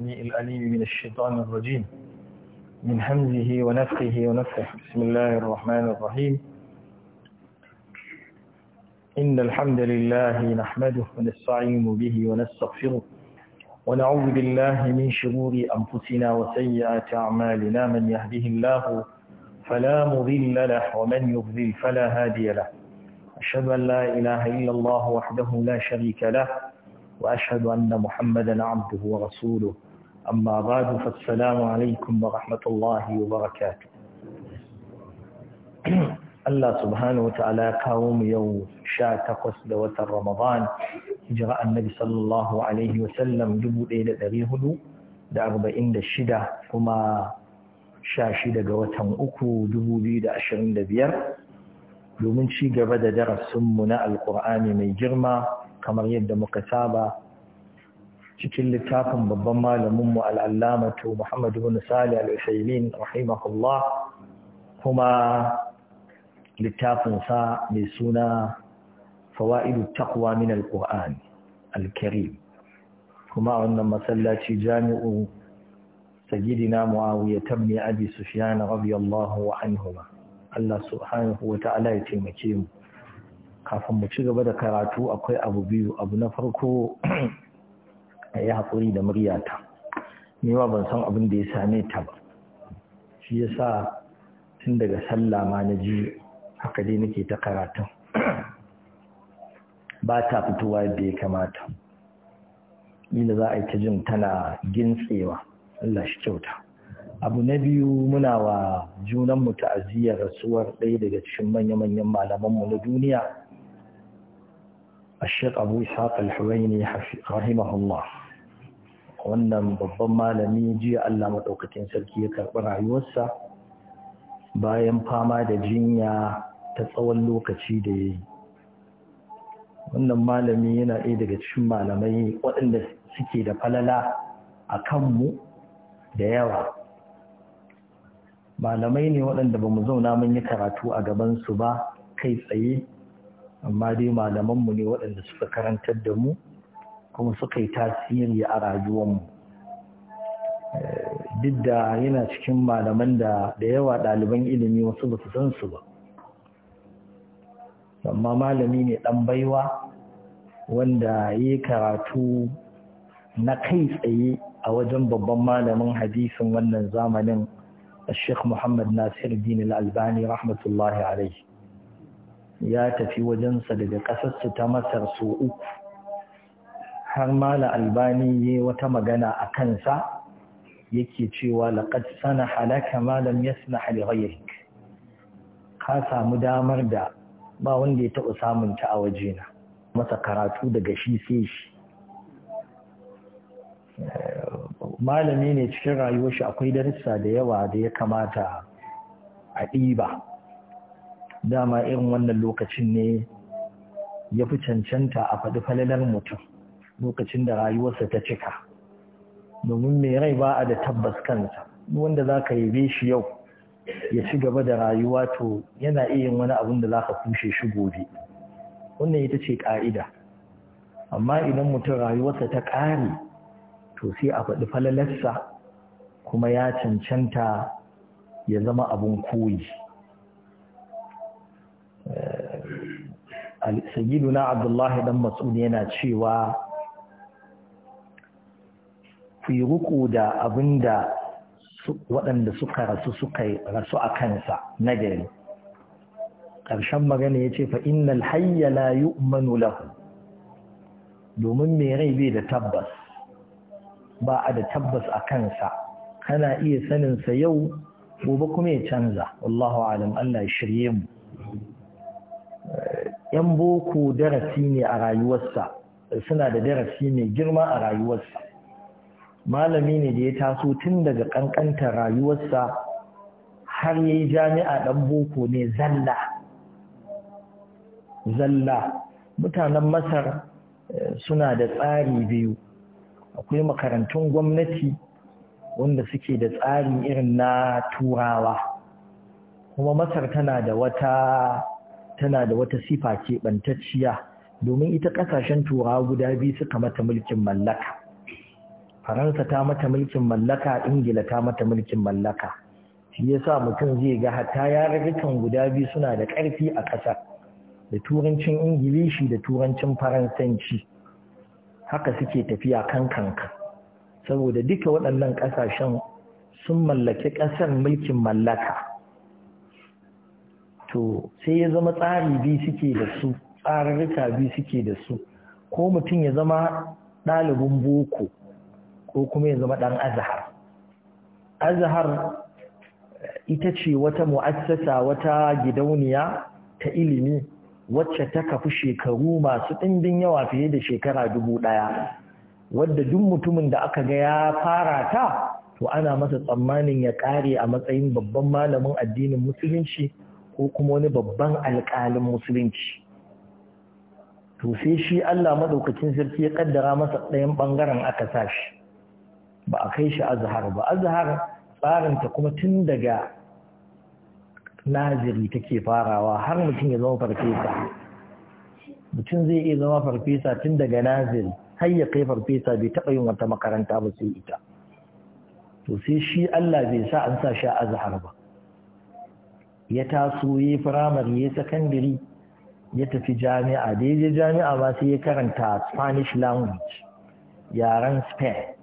الأليم من الشيطان الرجيم من همزه ونفخه ونفخه بسم الله الرحمن الرحيم إن الحمد لله نحمده ونستعين به ونستغفره ونعوذ بالله من شرور أنفسنا وسيئات أعمالنا من يهده الله فلا مضل له ومن يضلل فلا هادي له أشهد أن لا إله إلا الله وحده لا شريك له وأشهد أن محمدا عبده ورسوله أما بعد فالسلام عليكم ورحمة الله وبركاته الله سبحانه وتعالى كاوم يوم شا تقص دوة رمضان جراء النبي صلى الله عليه وسلم جبوا إلى دريهدو دا أربعين دا الشدة كما شا شدة دوة أكو جبوا بي دا أشرين دا بيار domin ci gaba da darasinmu na alkur'ani mai girma kamar yadda muka saba cikin littafin babban malaminmu al'allamatu Muhammad bin Sali al rahimahullah kuma littafinsa mai suna fawa'idu takwa min al-Qur'an al-Karim kuma wannan masallaci jami'u sayyidina Muawiya tabni Abi Sufyan radiyallahu anhuma Allah subhanahu Wata ala ya taimake mu kafin mu ci gaba da karatu akwai abu biyu abu na farko a yi haƙuri da muryata ma ban san abin da ya same ta ba shi ya sa tun daga sallah ma na ji haka dai nake ta karatun ba ta fitowa da ya kamata ila za a yi ta jin tana gintsewa Allah shi kyauta abu na biyu muna wa junanmu ta'aziyyar rasuwar ɗaya daga cikin manya-manyan malamanmu na duniya الشيخ أبو إسحاق الحويني رحمه الله wannan babban malami jiya Allah maɗaukakin sarki ya karɓi rayuwarsa bayan fama da jinya ta tsawon lokaci da ya yi wannan malami yana ɗaya daga cikin malamai waɗanda suke da falala a kanmu da yawa malamai ne waɗanda ba mu zauna mun yi karatu a gabansu ba kai tsaye amma dai malamanmu ne waɗanda suka karantar da mu kuma suka yi tasiri a rayuwanmu eh, duk da yana cikin malaman da da yawa ɗaliban ilimi wasu ba su san su ba amma malami ne ɗan baiwa wanda ya karatu na kai tsaye a wajen babban malamin hadisin wannan zamanin a محمد muhammad الدين الألباني رحمة rahmatullahi alaihi. ya tafi wajensa daga ƙasarsu ta masar su uku har mala albani ya wata magana a kansa yake cewa laqad sana halaka Malam lam yasnah li ka samu damar da ba wanda ya taɓa samun ta a wajena masa karatu daga shi sai shi malami ne cikin rayuwar shi akwai darussa da yawa da ya kamata a ɗiba dama irin wannan lokacin ne ya fi cancanta a faɗi falalar mutum lokacin da rayuwarsa ta cika domin mai rai ba a da tabbas kansa wanda za ka yabe shi yau ya ci gaba da rayuwa to yana iya yin wani abin da za ka kushe shi gobe wannan ita ce ka'ida amma idan mutum rayuwarsa ta ƙare to sai a faɗi falalarsa kuma ya cancanta ya zama abin koyi سيدنا عبد الله بن مسعود yana cewa ku yi ruku da abin da waɗanda suka rasu suka rasu a kansa na gari ƙarshen magana ya ce fa'innal hayya la umarnu lahu domin mai rai bai da tabbas ba a da tabbas a kansa kana iya saninsa yau gobe kuma ya canza wallahu alam Allah ya shirye mu yan boko darasi ne a rayuwarsa suna da darasi mai girma a rayuwarsa malami ne da ya taso tun daga ƙanƙantar rayuwarsa har ya yi jami'a ɗan boko ne zalla zalla mutanen masar eh, suna da tsari biyu akwai makarantun gwamnati wanda suke da tsari irin na turawa kuma masar tana da wata tana da wata sifa keɓantacciya domin ita ƙasashen turawa guda biyu suka mata mulkin mallaka faransa ta mata mulkin mallaka ingila ta mata mulkin mallaka shi yasa mutum zai ga hatta yarurrukan guda biyu suna da ƙarfi a ƙasar da turancin ingilishi da turancin faransanci haka suke tafiya kan kanka saboda duka waɗannan ƙasashen sun mallaki ƙasar mulkin mallaka to sai ya zama tsari biyu suke da su tsararruka biyu suke da su ko mutum ya zama ɗalibin boko ko kuma ya zama ɗan azahar. Azahar ita ce wata mu'assasa wata gidauniya ta ilimi wacce ta kafi shekaru masu ɗimbin yawa fiye da shekara dubu ɗaya wadda duk mutumin da aka ga ya fara ta to ana masa tsammanin ya ƙare a matsayin babban malamin addinin musulunci ko kuma wani babban alƙalin musulunci to sai shi Allah maɗaukacin sarki ya ƙaddara masa ɗayan ɓangaren aka sa shi ba a kai shi azhar ba azhar tsarinta kuma tun daga naziri take farawa har mutum ya zama farfesa mutum zai iya zama farfesa tun daga naziri har ya kai farfesa bai taɓa yin wata makaranta ba sai ita to sai shi Allah bai sa an sa shi azhar ba ya taso ya firamare ya sakandiri ya tafi jami'a da ya je jami'a ma sai ya karanta spanish language yaren spain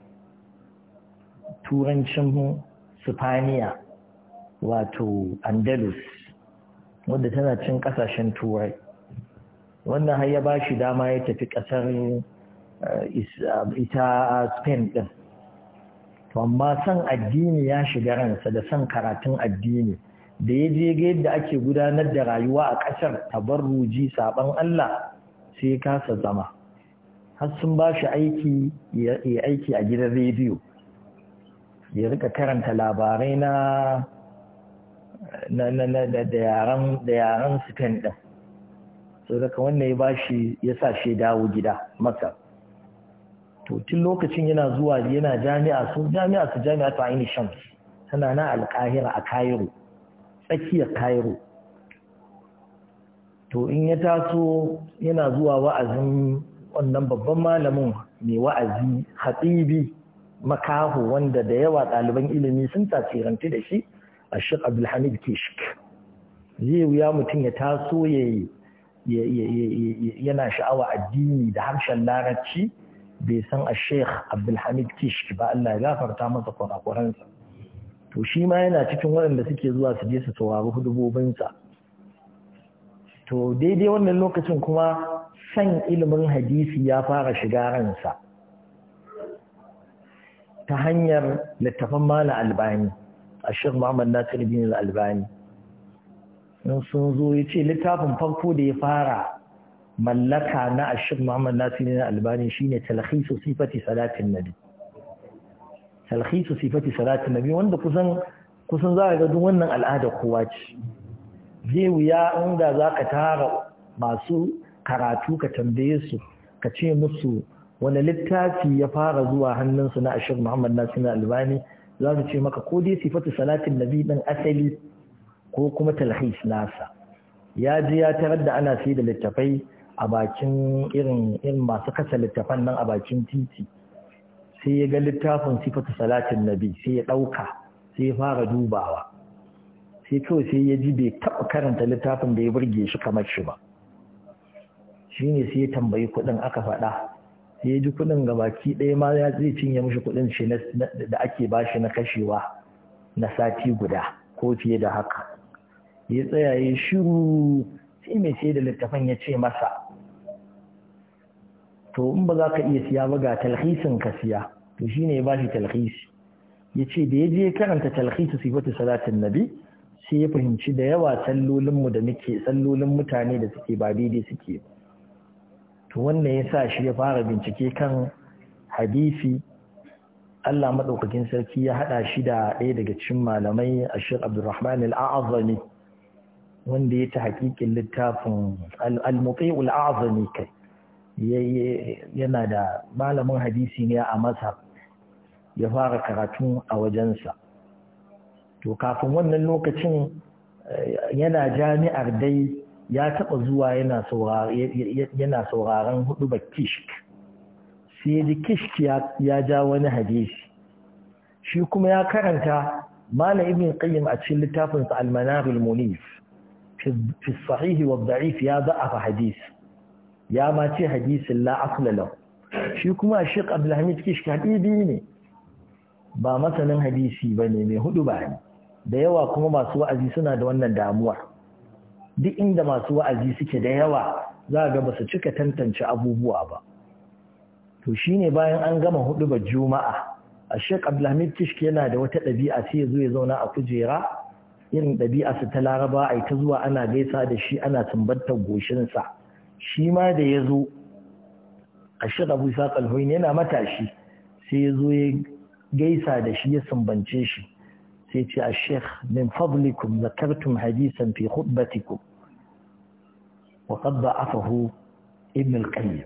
turancin sifaniya wato andalus wadda tana cin ƙasashen turai wannan har ya ba shi dama ya tafi ƙasar eh, eh, ita spain din amma son addini ya shiga ransa da son karatun addini da ya je ga yadda ake gudanar da rayuwa a ƙasar tabarruji saban Allah sai kasa zama har sun ba shi aiki ya aiki a gidan rediyo ya rika karanta labarai na da yaren kan ɗin so daga wannan ya bashi ya sa shi dawo gida maka to tun lokacin yana zuwa yana jami'a su jami'a su jami'a ta aini shams tana na alkahira a cairo tsakiyar cairo to in ya taso yana zuwa wa'azin wannan babban malamin mai wa'azi hatsibi makaho wanda da yawa ɗaliban ilimi sun tasirantu da shi a shi abdulhamid kishk zai wuya mutum ya taso ya yana sha'awa addini da harshen larabci bai san a sheikh abdulhamid kishk ba Allah ya gafarta masa kwarakwaransa to shi ma yana cikin waɗanda suke zuwa su je su saurari hudubobinsa to daidai wannan lokacin kuma san ilimin hadisi ya fara shiga ransa ta hanyar littafan mala albani a shirin muhammad nasir bin albani in sun zo ya ce littafin farko da ya fara mallaka na a shirin muhammad nasir bin albani shine talhisu sifati salatin nabi talhisu sifati salatin nabi wanda kusan kusan za a ga duk wannan al'ada kowa ce zai wuya inda za ka tara masu karatu ka tambaye su ka ce musu wani littafi ya fara zuwa hannunsu na ashir muhammad nasir albani za su ce maka ko dai sifatu salatin nabi din asali ko kuma talhis nasa ya ji ya tarar da ana sai da littafai a bakin irin irin masu kasa littafan nan a bakin titi sai ya ga littafin sifatu salatin nabi sai ya ɗauka sai ya fara dubawa sai kawai sai ya ji bai taɓa karanta littafin da ya burge shi kamar shi ba shine sai ya tambayi kuɗin aka faɗa ya ji kuɗin gabaki ɗaya ma ya zai cinye mushi kudin shi da ake bashi shi na kashewa na sati guda ko fiye da haka ya tsaya ya shiru sai mai sai da littafin ya ce masa to in ba za ka iya siya ba ga talhisin ka siya to shine ya ba shi talhisi ya ce da ya je karanta talhisi sifatu salatin nabi sai ya fahimci da yawa sallolinmu da muke sallolin mutane da suke ba daidai suke ba to wannan ya sa shi ya fara bincike kan hadisi Allah maɗaukakin sarki ya haɗa shi da ɗaya daga cikin malamai shi abdurrahman al'azami wanda ya ta hakikin littafin al-muqi al'azami kai yana da malamin hadisi ne a masar ya fara karatu a wajensa to kafin wannan lokacin eh, yana jami'ar dai ya taɓa zuwa yana sauraron hudu ba kishk sai kishk ya ja wani hadisi shi kuma ya karanta malam ibn qayyim a cikin littafinsa al-manar al-munif fi sahihi wa da'if ya fa hadisi ya ma ce hadisin la asla shi kuma Sheikh Abdulhamid Kish Kadibi ne ba masanin hadisi ba ne mai hudu ba da yawa kuma masu wa'azi suna da wannan damuwa duk inda masu wa'azi suke da yawa za ga ba su cika tantance abubuwa ba to ne bayan an gama hudu ba juma'a a shek abdulhamid kishki yana da wata ɗabi'a sai ya zo ya zauna a kujera irin ɗabi'a su ta laraba aita ta zuwa ana gaisa da shi ana sumbantar goshinsa shi ma da ya zo a shek abu isa yana matashi sai ya zo ya gaisa da shi ya sumbance shi sai ce a sheikh min fadlikum zakartum hadisan fi khutbatikum وقد ضعفه ابن القيم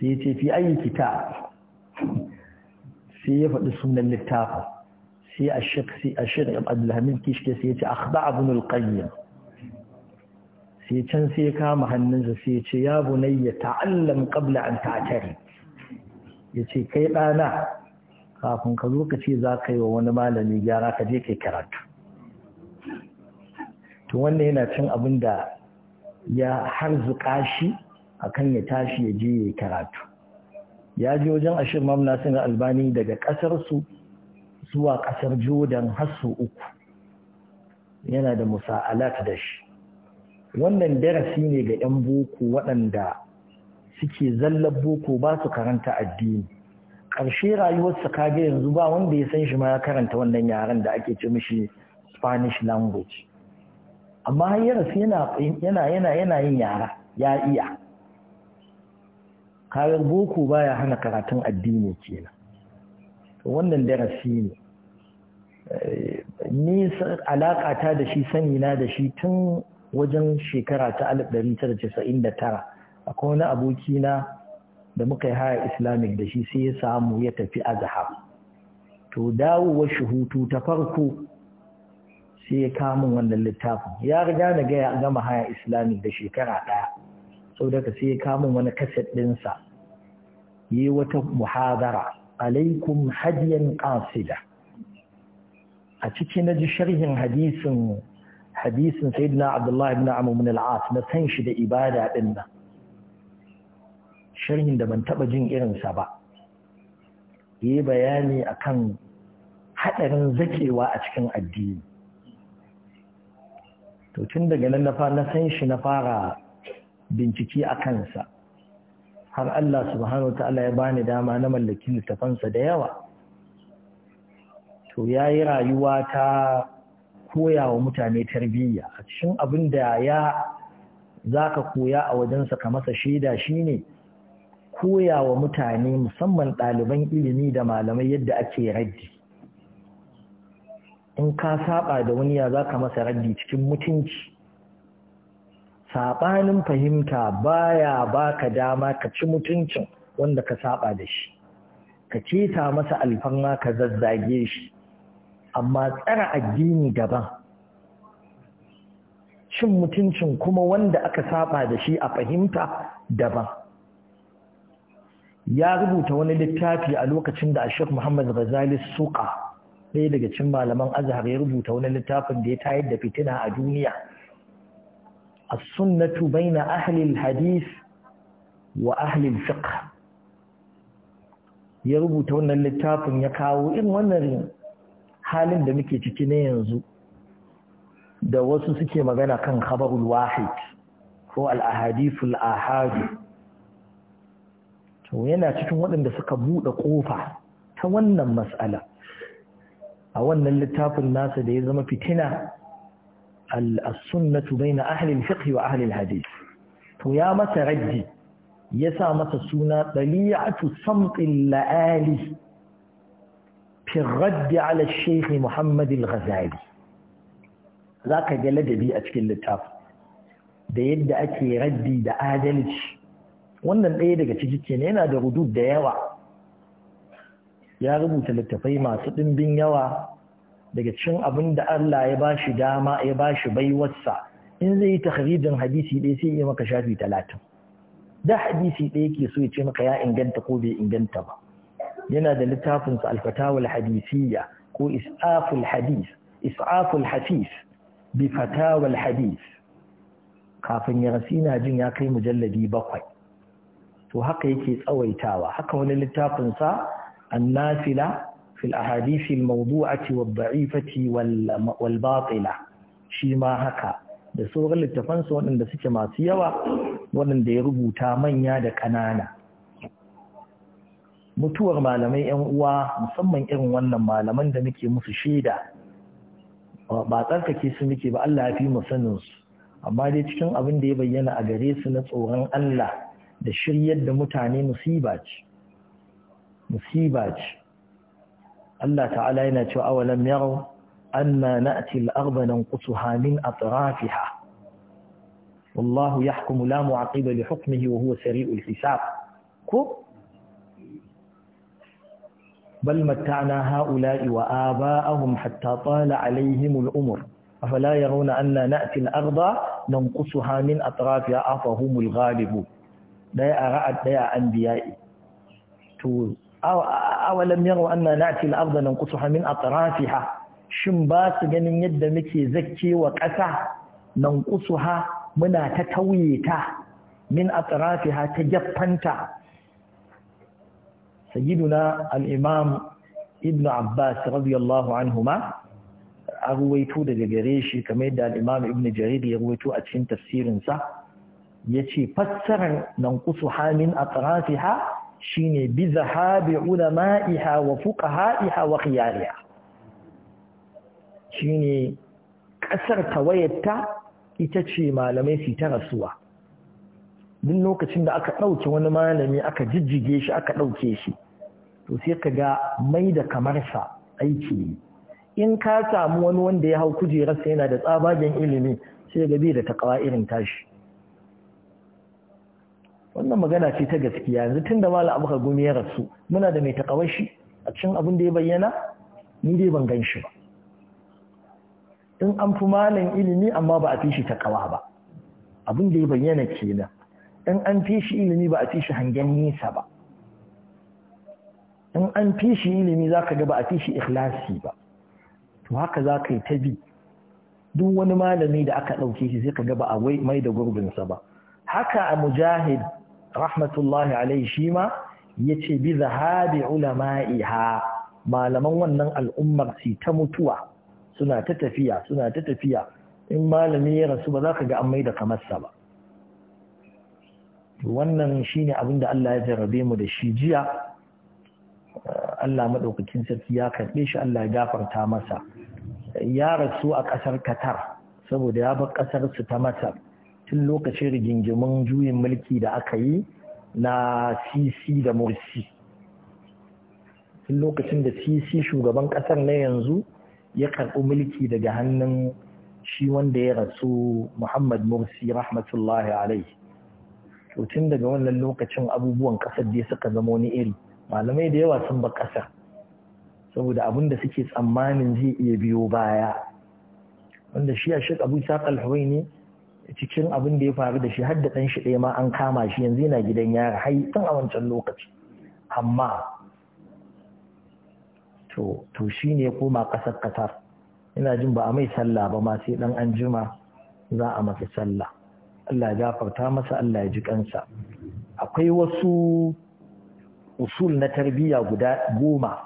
سيتي في أي كتاب سيف السنة للتافة سي الشيخ سي الشيخ عبد الحميد كيشكي سيتي أخضع ابن القيم sai can sai kama hannunsa sai ce ya bunayya ta'allam qabla an ta'tari yace kai ɗana kafin ka zo ka ce za ka yi wa wani malami gyara ka je kai karatu to wannan yana cin abin da ya harzuka shi akan ya tashi ya je ya karatu ya ji wajen ashir mamna sun albani daga ƙasarsu zuwa ƙasar jordan har su uku yana da musa'alat da shi wannan darasi ne ga 'yan boko waɗanda suke zallar boko ba su karanta addini ƙarshe rayuwarsa kage yanzu ba wanda ya san shi ma ya karanta wannan yaren da ake ce mishi spanish language amma har ya rasu yana yana yana yana yin yara ya iya kayan boko baya hana karatun addini kenan wannan darasi ne eh, ni alaƙata da shi sani na da shi tun wajen shekara ta 1999 akwai wani aboki na da muka yi haya islamic da shi sai ya samu ya tafi azhar to dawowa shi hutu ta farko sai ya kamun wannan littafin ya riga na gaya gama haya islami da shekara ɗaya sau daga sai ya kamun wani kaset ɗinsa yi wata muhadara alaikum hadiyan ƙasida a ciki na ji sharhin hadisin hadisin sayyidina abdullah ibn amr al-as na san shi da ibada din nan sharhin da ban taɓa jin irin sa ba yi bayani akan haɗarin zakewa a cikin addini to tun daga nan na san shi na fara bincike a kansa har Allah subhanahu wa ta'ala ya bani dama na mallaki littafansa da yawa to ya yi rayuwa ta koya wa mutane tarbiyya a cikin abin da ya za ka koya a wajensa ka masa shaida shine koya wa mutane musamman ɗaliban ilimi da malamai yadda ake raddi in ka saba da wani ya za ka masa raddi cikin mutunci saɓanin fahimta baya baka dama ka ci mutuncin wanda ka saba da shi ka keta masa alfarma ka zazzage shi amma tsara addini daban cin mutuncin kuma wanda aka saba da shi a fahimta daban ya rubuta wani littafi a lokacin da Sheikh muhammad ghazali suka ɗaya daga cikin malaman azhar ya rubuta wani littafin da ya tayar da fitina a duniya as-sunnatu baina ahli al-hadith wa ahli al-fiqh ya rubuta wannan littafin ya kawo irin wannan halin da muke ciki ne yanzu da wasu suke magana kan khabarul wahid ko al-ahadithul Ahadi. to yana cikin waɗanda suka buɗe ƙofa ta wannan mas'ala a wannan littafin nasa da ya zama fitina al-sunnatu baina ahli al-fiqh wa ahli al-hadith to ya masa raddi ya sa masa suna daliyatu samtil la'ali fi raddi ala shaykh Muhammad al-Ghazali zaka ga ladabi a cikin littafin da yadda ake raddi da adalci wannan ɗaya daga ciki kenan yana da hudud da yawa ya rubuta littafai masu ɗimbin yawa daga cikin abin da Allah ya ba shi dama ya ba shi baiwarsa in zai yi tahridin hadisi ɗaya sai ya maka shafi talatin da hadisi ɗaya ke so ya ce maka ya inganta ko bai inganta ba yana da littafinsa alfatawul hadisiyya ko is'aful hadis is'aful hafiz bi fatawul hadis kafin ya rasu ina jin ya kai mujalladi bakwai to haka yake tsawaitawa haka wani littafinsa النافلة في الأحاديث الموضوعة والضعيفة والباطلة shi ma haka da sauran su waɗanda suke masu yawa waɗanda ya rubuta manya da ƙanana mutuwar malamai 'yan uwa musamman irin wannan malaman da muke musu shaida ba tsarkake su muke ba Allah ya fi mu sanin su amma dai cikin abin da ya bayyana a gare su na tsoron Allah da shiryar da mutane musiba ce musiba ce Allah ta'ala yana cewa awalam yaro anna na'ti al-ardha nanqusuha min atrafiha wallahu yahkumu la mu'aqiba li hukmihi wa huwa sari'ul hisab ko bal matta'na ha'ula'i wa aba'ahum hatta tala 'alayhim al-umr afala yarawna anna na'ti al-ardha nanqusuha min atrafiha afahumul ghalibun daya a ra'ad daya anbiya'i to awalam yaro anna na'ti nan ardha nanqusuha min atrafiha shin ba su ganin yadda muke zakke wa ƙasa nanqusuha muna ta tauye ta min atrafiha ta jaffanta sayyiduna al-imam ibn abbas radiyallahu anhuma a ruwaito daga gare shi kamar yadda al-imam ibn jarir ya ruwaito a cikin tafsirinsa yace fassarar nanqusuha min atrafiha shine bi zahabi ulama'iha wa fuqaha'iha wa khiyariha shine kasar tawayyata ita ce malamai su ta rasuwa duk lokacin da aka ɗauke wani malami aka jijjige shi aka ɗauke shi to sai ka ga mai da kamar sa aiki in ka samu wani wanda ya hau kujerarsa yana da tsabagen ilimi sai ga bai da takawa irin tashi wannan magana ce ta gaskiya yanzu tun da mala abu gumi ya rasu muna da mai takawashi a cikin abin da ya bayyana ni dai ban gan shi ba in an fi malin ilimi amma ba a fi shi takawa ba abin da ya bayyana kenan in an fi shi ilimi ba a fi shi hangen nisa ba in an fi shi ilimi za ka ga ba a fi shi ikhlasi ba to haka za ka yi ta bi duk wani malami da aka ɗauke shi sai ka ga ba a mai da gurbinsa ba haka a mujahid rahmatullahi alaihi shi ma ce, bi zahabi ulama'iha malaman wannan al'ummar si ta mutuwa suna ta tafiya suna ta tafiya in malami ya rasu ba za ka ga an mai kamar sa ba wannan shine abin da Allah ya jarrabe mu da shi jiya Allah maɗaukakin sarki ya karɓe shi Allah ya gafarta masa ya rasu a ƙasar Katar saboda ya bar ƙasarsu su ta Masar tun lokacin rigingimin juyin mulki da aka yi na sisi da mursi tun lokacin da sisi shugaban kasar na yanzu ya karɓi mulki daga hannun shi wanda ya rasu muhammad mursi rahmatullahi alai tun daga wannan lokacin abubuwan kasar dai suka zama wani iri malamai da yawa sun ba kasar saboda abin da suke tsammanin zai iya biyo baya wanda shi a shi abu saƙal ne cikin abin da ya faru da shi har da ɗan shi ɗaya ma an kama shi yanzu yana gidan yara har tun a wancan lokaci amma to to shi ne koma ƙasar Qatar ina jin ba a mai sallah ba ma sai ɗan an jima za a masa sallah Allah ya gafarta masa Allah ya ji kansa akwai wasu usul na tarbiyya guda goma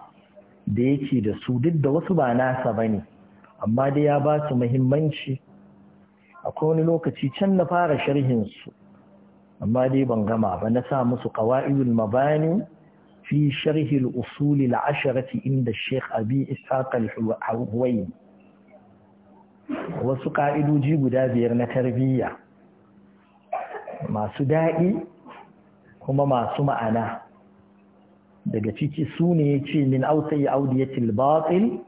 da yake da su duk da wasu ba nasa ba ne. amma dai ya ba su muhimmanci akwai wani lokaci can na fara sharhin su amma dai ban gama ba na sa musu qawaidul mabani fi sharhil al usul al asharati inda Sheikh Abi Ishaq al Huwaini wasu ka'idoji guda biyar na tarbiyya masu daɗi kuma masu ma'ana daga ciki su ne ya ce min ausayi audiyatil batil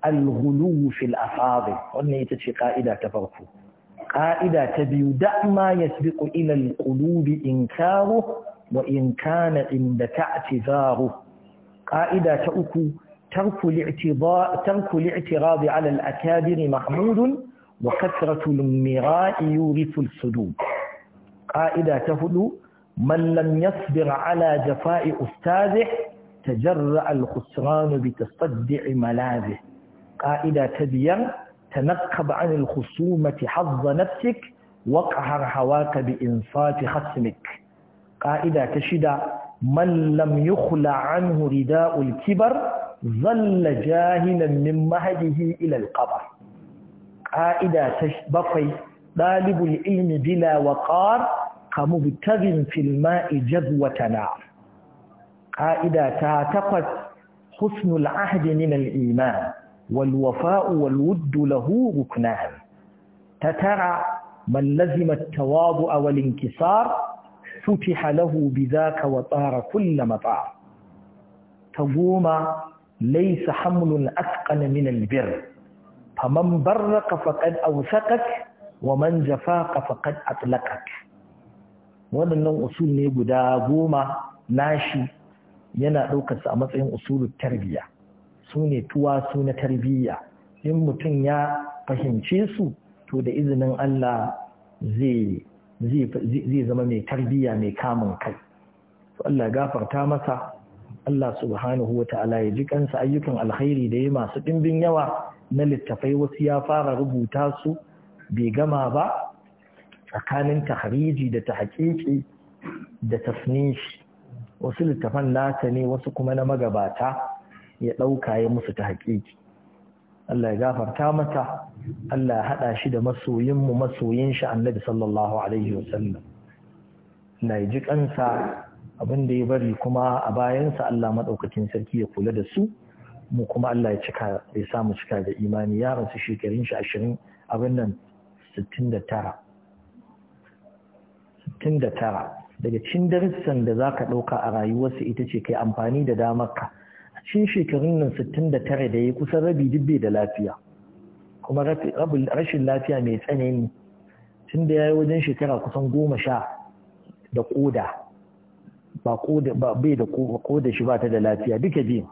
al fil afadi wannan ita ce ka'ida ta farko ƙa'ida ta biyu da'ma ya sabiƙo ilal ƙulubi in karu wa in kana inda ta ce zaru ƙa'ida ta uku tarku li'tirazi alal akabiri mahmudun wa kasratul mira'i yurisul sudud ƙa'ida ta hudu من لم يصبر على جفاء أستاذه تجرأ الخسران بتصدع ملاذه قائدة تبيا تنقب عن الخصومة حظ نفسك وقهر هواك بإنصات خصمك قائدة تشد من لم يخلع عنه رداء الكبر ظل جاهلا من مهده إلى القبر قائدة بقي طالب العلم بلا وقار كمبتغ في الماء جذوة نار قائدة تعتقد حسن العهد من الإيمان والوفاء والود له ركنان تترى من لزم التواضع والانكسار فتح له بذاك وطار كل مطار تقوم ليس حمل أثقل من البر فمن برق فقد أوثقك ومن جفاق فقد أطلقك ومن نوم اصول guda goma nashi yana ɗaukarsa a matsayin usulun su ne su na tarbiyya in mutum ya fahimce su to da izinin Allah zai zama mai tarbiyya mai kamun kai to Allah gafarta masa Allah subhanahu wa ta'ala ya ji kansa ayyukan alkhairi da ya masu ɗimbin yawa na littafai wasu ya fara rubuta su bai gama ba tsakanin tahriji da tahqiqi da tasnishi wasu littafan nasa ne wasu kuma na magabata ya ɗauka ya musu ta haƙiƙi Allah ya gafarta mata Allah ya haɗa shi da masoyinmu masoyin shi annabi sallallahu alaihi wasallam sallam, ya ji ƙansa abin da ya bari kuma a bayansa Allah maɗaukacin sarki ya kula da su mu kuma Allah ya cika ya samu cika da imani ya rasu shekarun shi ashirin abin nan sittin da tara sittin da tara daga cin darussan da za ka ɗauka a rayuwarsa ita ce kai amfani da damarka shi shekarun nan 69 da ya kusan rabi dubbe da lafiya kuma rashin lafiya mai tsanani tun da ya yi wajen shekara kusan goma sha da koda ba bai da koda shi ba ta da lafiya duka biyu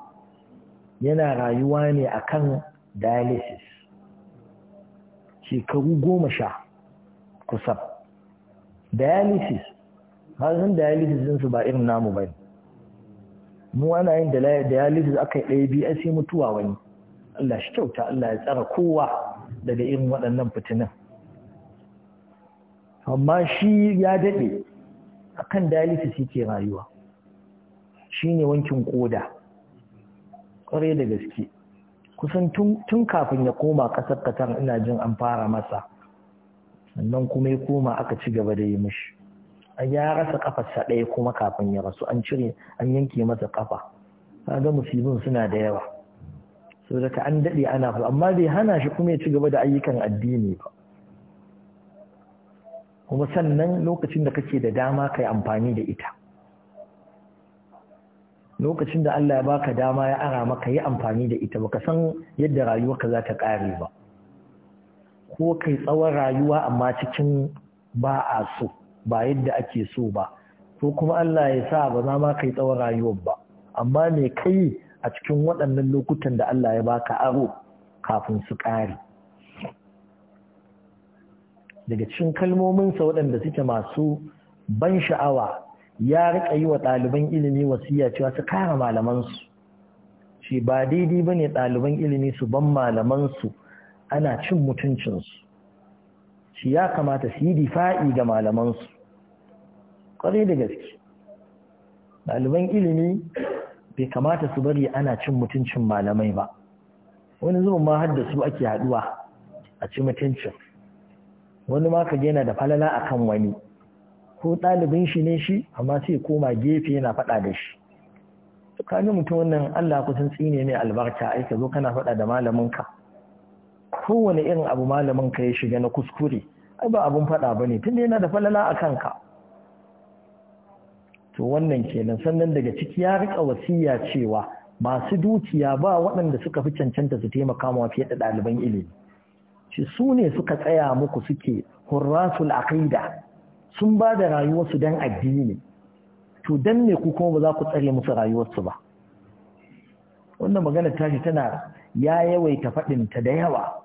yana rayuwa ne a kan dialysis shekaru goma sha kusan dialysis har dialysis ɗinsu ba irin namu ba ne mu ana yin da dialysis aka yi ɗaya biyu sai mutuwa wani Allah shi kyauta Allah ya tsara kowa daga irin waɗannan fitinan amma shi ya daɗe kan dialysis yake rayuwa Shi ne wankin ƙoda. ƙwarai da gaske kusan tun kafin ya koma ƙasar Qatar ina jin an fara masa sannan kuma ya koma aka ci gaba da yi mishi A ya rasa kafarsa ɗaya kuma kafin ya rasu an cire an yanke masa kafa kaga musibin suna da yawa so daga an daɗe ana fa amma bai hana shi kuma ya ci gaba da ayyukan addini ba kuma sannan lokacin da kake da dama kai amfani da ita lokacin da Allah ya baka dama ya ara maka yi amfani da ita baka san yadda rayuwarka za ta ƙare ba ko kai tsawon rayuwa amma cikin ba a so ba yadda ake so ba ko kuma Allah ya sa ba za ma kai tsawon rayuwar ba amma me kai a cikin waɗannan lokutan da Allah ya baka aro kafin su ƙare daga cikin kalmominsa waɗanda suke masu ban sha'awa ya riƙa yi wa ɗaliban ilimi wasiya cewa su kara malamansu shi ba daidai ba ne ɗaliban ilimi su ban malamansu ana cin mutuncinsu shi ya kamata su yi difa'i ga malamansu kwarai da gaske ɗaliban ilimi bai kamata su bari ana cin mutuncin malamai ba wani zuwan ma har da su ake haɗuwa a cin mutuncin wani ma ka yana da falala a kan wani ko ɗalibin shi ne shi amma sai koma gefe yana faɗa da shi tsakanin mutum wannan Allah kusan tsine mai albarka ai ka zo kana faɗa da malaminka. ka kowane irin abu malamin ka ya shiga na kuskure ai ba abun faɗa tun tunda yana da falala a kanka. to wannan kenan sannan daga ciki ya rika wasiya cewa masu dukiya ba waɗanda suka fi cancanta su taimaka ma fiye da ɗaliban ilimi shi su ne suka tsaya muku suke hurrasul aqida sun ba da rayuwarsu don addini to dan ne ku kuma ba za ku tsare musu rayuwarsu ba wannan magana shi tana ya yawaita faɗin ta da yawa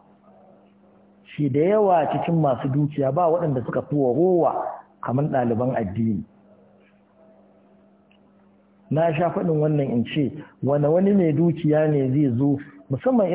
shi da yawa cikin masu dukiya ba waɗanda suka fi rowa kamar ɗaliban addini na sha faɗin wannan in ce wani wani mai dukiya ne zai zo musamman